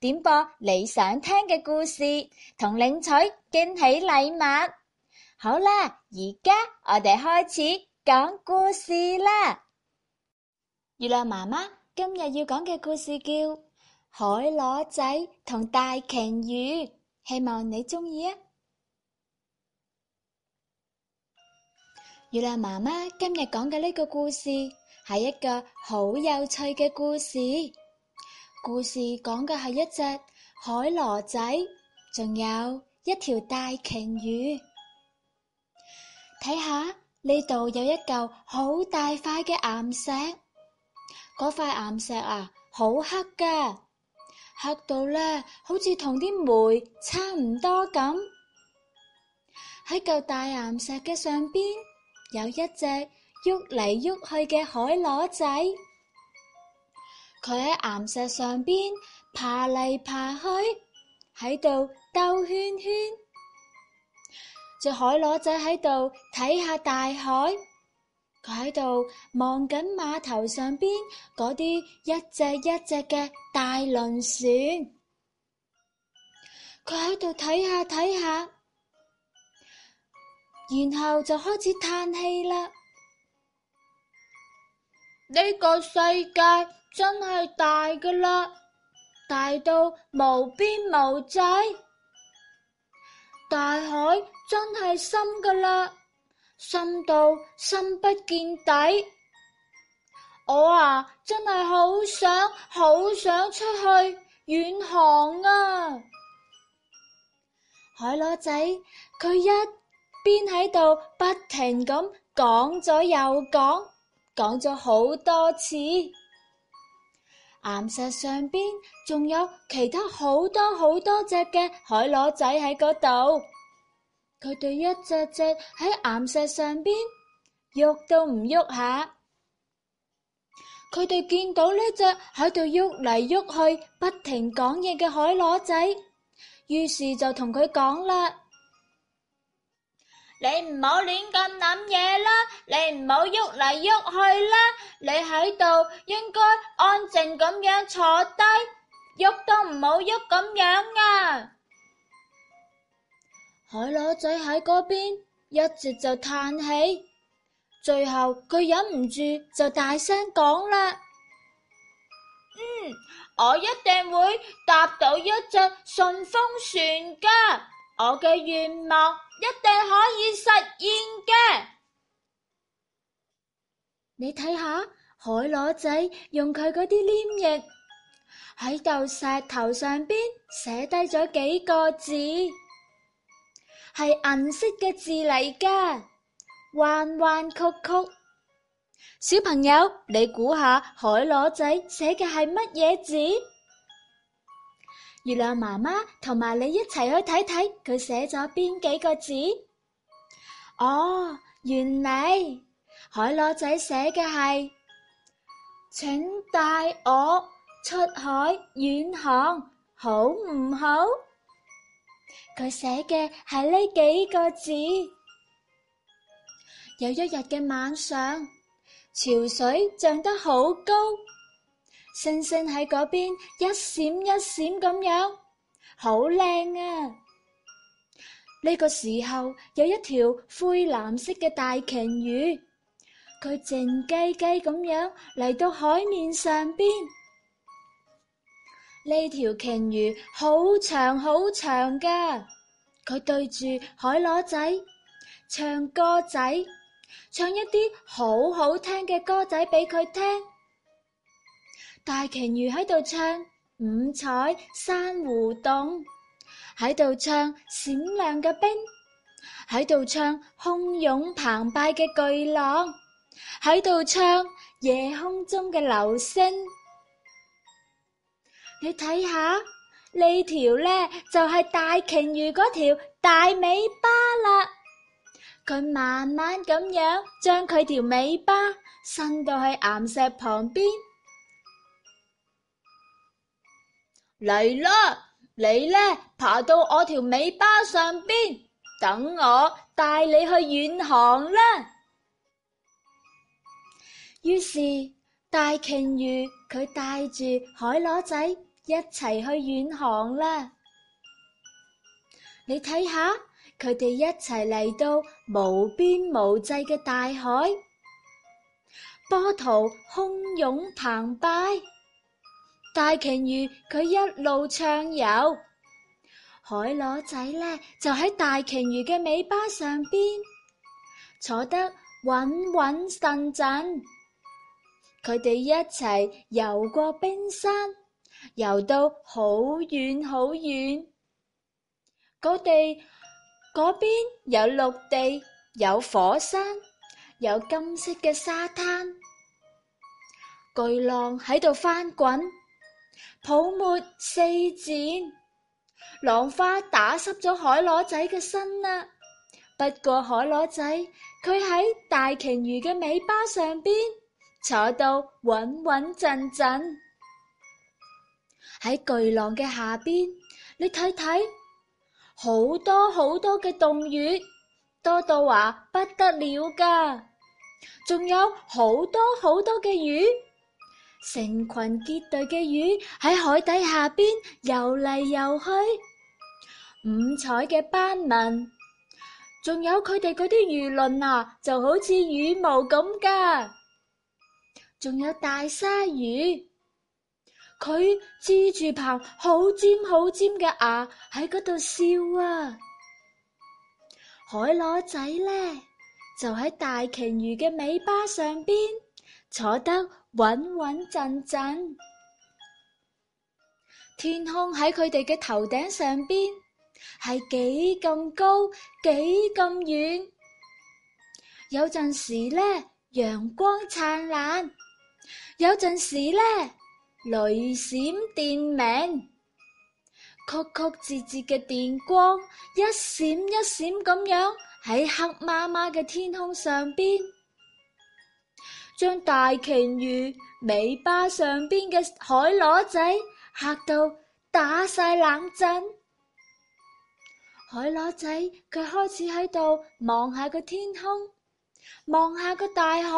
點播你想聽嘅故事，同領取驚喜禮物。好啦，而家我哋開始講故事啦。月亮媽媽今日要講嘅故事叫《海螺仔同大鯨魚》，希望你中意啊！月亮媽媽今日講嘅呢個故事係一個好有趣嘅故事。故事講嘅係一隻海螺仔，仲有一條大鯨魚。睇下呢度有一嚿好大塊嘅岩石，嗰塊岩石啊，好黑噶，黑到呢好似同啲煤差唔多咁。喺嚿大岩石嘅上邊，有一隻喐嚟喐去嘅海螺仔。佢喺岩石上邊爬嚟爬去，喺度兜圈圈。隻海螺仔喺度睇下大海，佢喺度望緊碼頭上邊嗰啲一隻一隻嘅大輪船。佢喺度睇下睇下，然後就開始嘆氣啦。呢個世界真係大噶啦，大到無邊無際；大海真係深噶啦，深到深不見底。我啊，真係好想好想出去遠航啊！海螺仔佢一邊喺度不停咁講咗又講。講咗好多次，岩石上邊仲有其他好多好多隻嘅海螺仔喺嗰度，佢哋一隻隻喺岩石上邊喐都唔喐下，佢哋見到呢隻喺度喐嚟喐去，不停講嘢嘅海螺仔，於是就同佢講啦。你唔好亂咁諗嘢啦，你唔好喐嚟喐去啦，你喺度應該安靜咁樣坐低，喐都唔好喐咁樣啊！海螺仔喺嗰邊一直就嘆氣，最後佢忍唔住就大聲講啦：嗯，我一定會搭到一隻順風船噶！我嘅願望一定可以實現嘅。你睇下，海螺仔用佢嗰啲黏液，喺嚿石頭上邊寫低咗幾個字，係銀色嘅字嚟噶，彎彎曲曲。小朋友，你估下海螺仔寫嘅係乜嘢字？月亮媽媽同埋你一齊去睇睇佢寫咗邊幾個字？哦，原來海螺仔寫嘅係，請帶我出海遠航，好唔好？佢寫嘅係呢幾個字。有一日嘅晚上，潮水漲得好高。星星喺嗰邊一閃一閃咁樣，好靚啊！呢個時候有一條灰藍色嘅大鯨魚，佢靜雞雞咁樣嚟到海面上邊。呢條鯨魚好長好長噶，佢對住海螺仔唱歌仔，唱一啲好好聽嘅歌仔俾佢聽。大鯨魚喺度唱五彩珊瑚洞，喺度唱閃亮嘅冰，喺度唱洶湧澎澎湃嘅巨浪，喺度唱夜空中嘅流星。你睇下，呢條呢就係、是、大鯨魚嗰條大尾巴啦。佢慢慢咁樣將佢條尾巴伸到去岩石旁邊。嚟啦！你呢爬到我條尾巴上邊，等我帶你去遠航啦。於是大鯨魚佢帶住海螺仔一齊去遠航啦。你睇下，佢哋一齊嚟到無邊無際嘅大海，波濤洶湧澎湃。大鯨魚佢一路暢游，海螺仔咧就喺大鯨魚嘅尾巴上邊坐得穩穩陣陣。佢哋一齊游過冰山，游到好遠好遠。嗰地嗰邊有陸地，有火山，有金色嘅沙灘，巨浪喺度翻滾。泡沫四濺，浪花打濕咗海螺仔嘅身啦。不過海螺仔佢喺大鯨魚嘅尾巴上邊坐到穩穩陣陣。喺巨浪嘅下邊，你睇睇好多好多嘅洞穴，多到話不得了㗎，仲有好多好多嘅魚。成群結隊嘅魚喺海底下邊游嚟游去，五彩嘅斑紋，仲有佢哋嗰啲魚鱗啊，就好似羽毛咁噶。仲有大鯊魚，佢支住棚，好尖好尖嘅牙喺嗰度笑啊。海螺仔咧就喺大鯨魚嘅尾巴上邊坐得。穩穩陣陣，天空喺佢哋嘅頭頂上邊，係幾咁高，幾咁遠。有陣時呢，陽光燦爛；有陣時呢，雷閃電鳴，曲曲折折嘅電光一閃一閃咁樣喺黑媽媽嘅天空上邊。將大鯨魚尾巴上邊嘅海螺仔嚇到打晒冷震，海螺仔佢開始喺度望下個天空，望下個大海，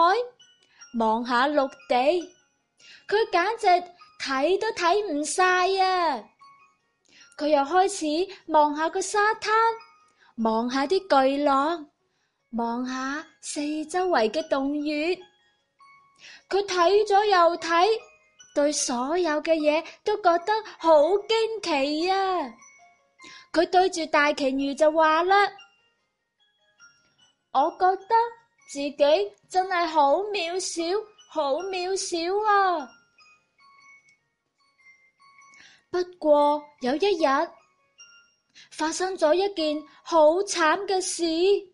望下陸地，佢簡直睇都睇唔晒啊！佢又開始望下個沙灘，望下啲巨浪，望下四周圍嘅洞穴。佢睇咗又睇，對所有嘅嘢，都覺得好驚奇啊！佢對住大鯨魚就話啦：我覺得自己真係好渺小，好渺小啊！不過有一日，發生咗一件好慘嘅事。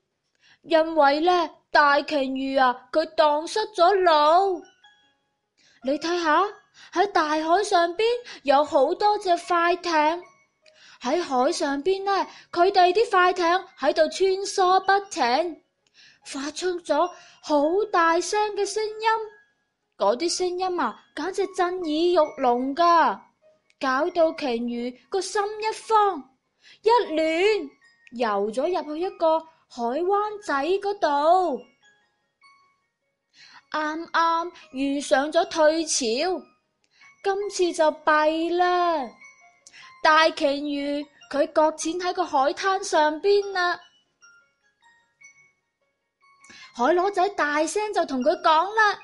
因為呢，大鯨魚啊，佢蕩失咗路。你睇下喺大海上邊有好多隻快艇，喺海上邊呢，佢哋啲快艇喺度穿梭不停，發出咗好大聲嘅聲音。嗰啲聲音啊，簡直震耳欲聾噶搞到鯨魚個心一慌一亂，游咗入去一個。海灣仔嗰度，啱啱遇上咗退潮，今次就弊啦！大鯨魚佢擱淺喺個海灘上邊啦，海螺仔大聲就同佢講啦：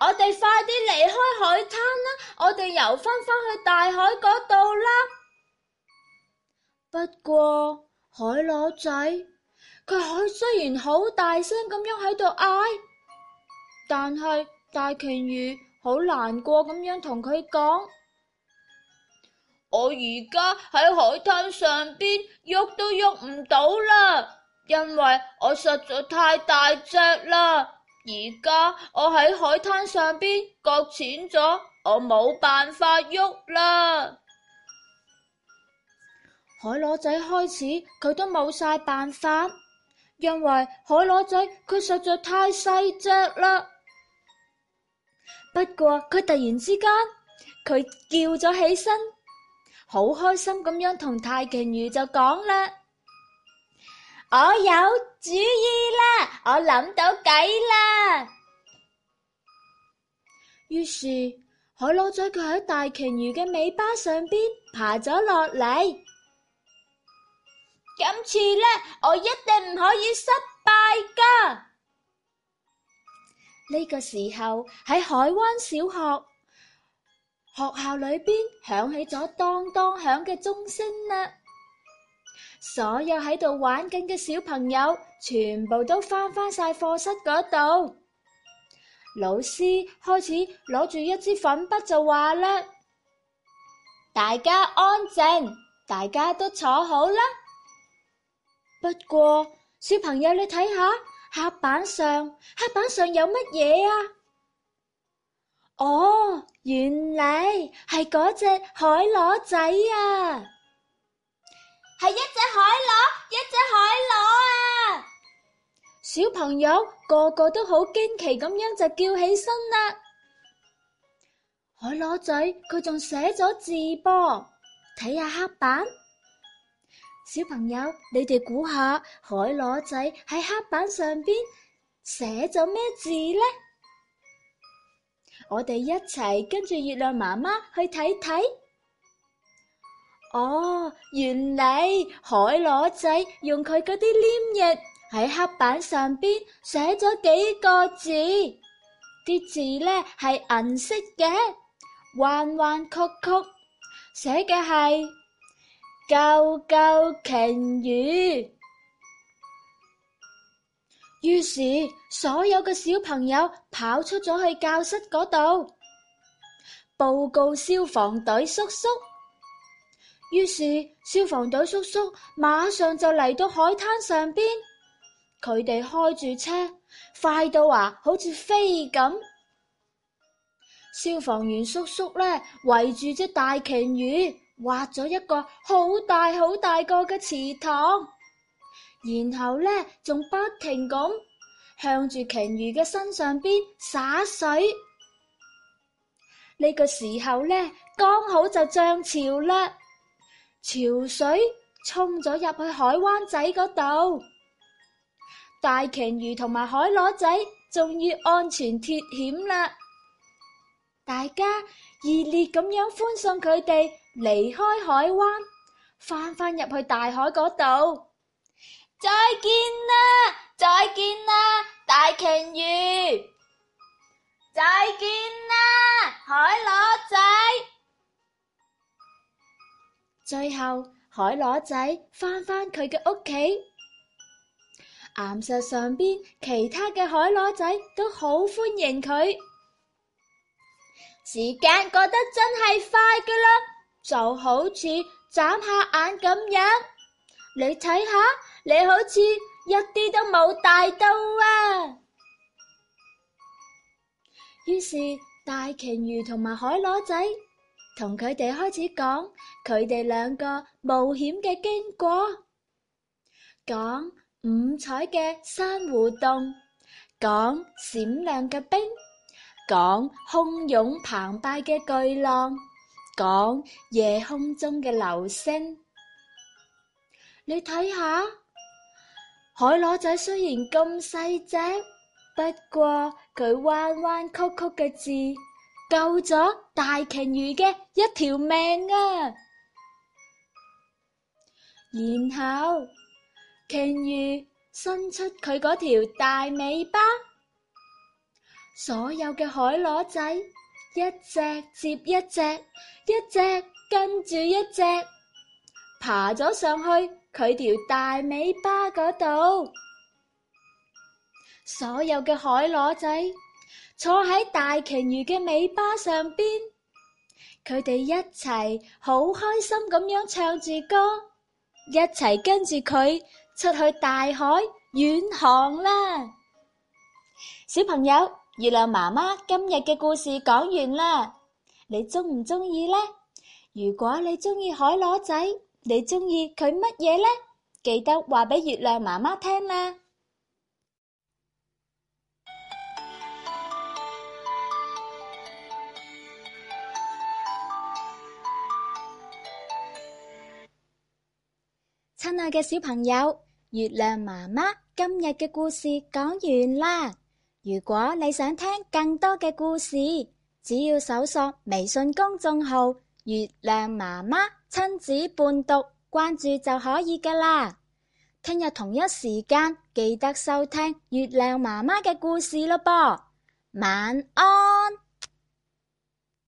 我哋快啲離開海灘啦，我哋游翻返去大海嗰度啦。不過。海螺仔，佢海雖然好大聲咁樣喺度嗌，但係大鉗魚好難過咁樣同佢講：我而家喺海灘上邊喐都喐唔到啦，因為我實在太大隻啦。而家我喺海灘上邊擱淺咗，我冇辦法喐啦。海螺仔開始佢都冇晒辦法，因為海螺仔佢實在太細隻啦。不過佢突然之間佢叫咗起身，好開心咁樣同大鯨魚就講啦：我有主意啦，我諗到計啦。於是海螺仔佢喺大鯨魚嘅尾巴上邊爬咗落嚟。今次呢，我一定唔可以失敗噶。呢個時候喺海灣小學學校裏邊響起咗當當響嘅鐘聲啦，所有喺度玩緊嘅小朋友全部都翻返晒課室嗰度。老師開始攞住一支粉筆就話啦：大家安靜，大家都坐好啦。不過，小朋友，你睇下黑板上，黑板上有乜嘢啊？哦，原來係嗰隻海螺仔啊，係一隻海螺，一隻海螺啊！小朋友個個都好驚奇咁樣就叫起身啦。海螺仔佢仲寫咗字噃，啊，睇下黑板。小朋友，你哋估下海螺仔喺黑板上邊寫咗咩字呢？我哋一齊跟住月亮媽媽去睇睇。哦，原來海螺仔用佢嗰啲黏液，喺黑板上邊寫咗幾個字，啲字呢係銀色嘅，彎彎曲曲寫嘅係。救救鯨魚！於是所有嘅小朋友跑出咗去教室嗰度，報告消防隊叔叔。於是消防隊叔叔馬上就嚟到海灘上邊，佢哋開住車，快到話，好似飛咁。消防員叔叔呢，圍住隻大鯨魚。挖咗一個好大好大個嘅池塘，然後呢，仲不停咁向住鯨魚嘅身上邊灑水。呢、呢個時候呢，剛好就漲潮啦，潮水沖咗入去海灣仔嗰度，大鯨魚同埋海螺仔終於安全脫險啦，大家熱烈咁樣歡送佢哋。離開海灣，翻返入去大海嗰度。再見啦，再見啦，大鯨魚。再見啦，海螺仔。最後，海螺仔翻返佢嘅屋企，岩石上邊其他嘅海螺仔都好歡迎佢。時間過得真係快噶啦～就好似眨下眼咁樣，你睇下，你好似一啲都冇大到啊！於是大鯨魚同埋海螺仔同佢哋開始講佢哋兩個冒險嘅經過，講五彩嘅珊瑚洞，講閃亮嘅冰，講洶湧澎澎湃嘅巨浪。講夜空中嘅流星，你睇下，海螺仔雖然咁細隻，不過佢彎彎曲曲嘅字救咗大鯨魚嘅一條命啊！然後鯨魚伸出佢嗰條大尾巴，所有嘅海螺仔。一隻接一隻，一隻跟住一隻，爬咗上去佢條大尾巴嗰度。所有嘅海螺仔坐喺大鯨魚嘅尾巴上邊，佢哋一齊好開心咁樣唱住歌，一齊跟住佢出去大海遠航啦，小朋友。月亮媽媽今日嘅故事講完啦，你鍾唔鍾意呢？如果你鍾意海螺仔，你鍾意佢乜嘢呢？記得話俾月亮媽媽聽啦。親愛嘅小朋友，月亮媽媽今日嘅故事講完啦。如果你想聽更多嘅故事，只要搜索微信公眾號《月亮媽媽親子伴讀》，關注就可以噶啦。聽日同一時間，記得收聽月亮媽媽嘅故事咯，波。晚安。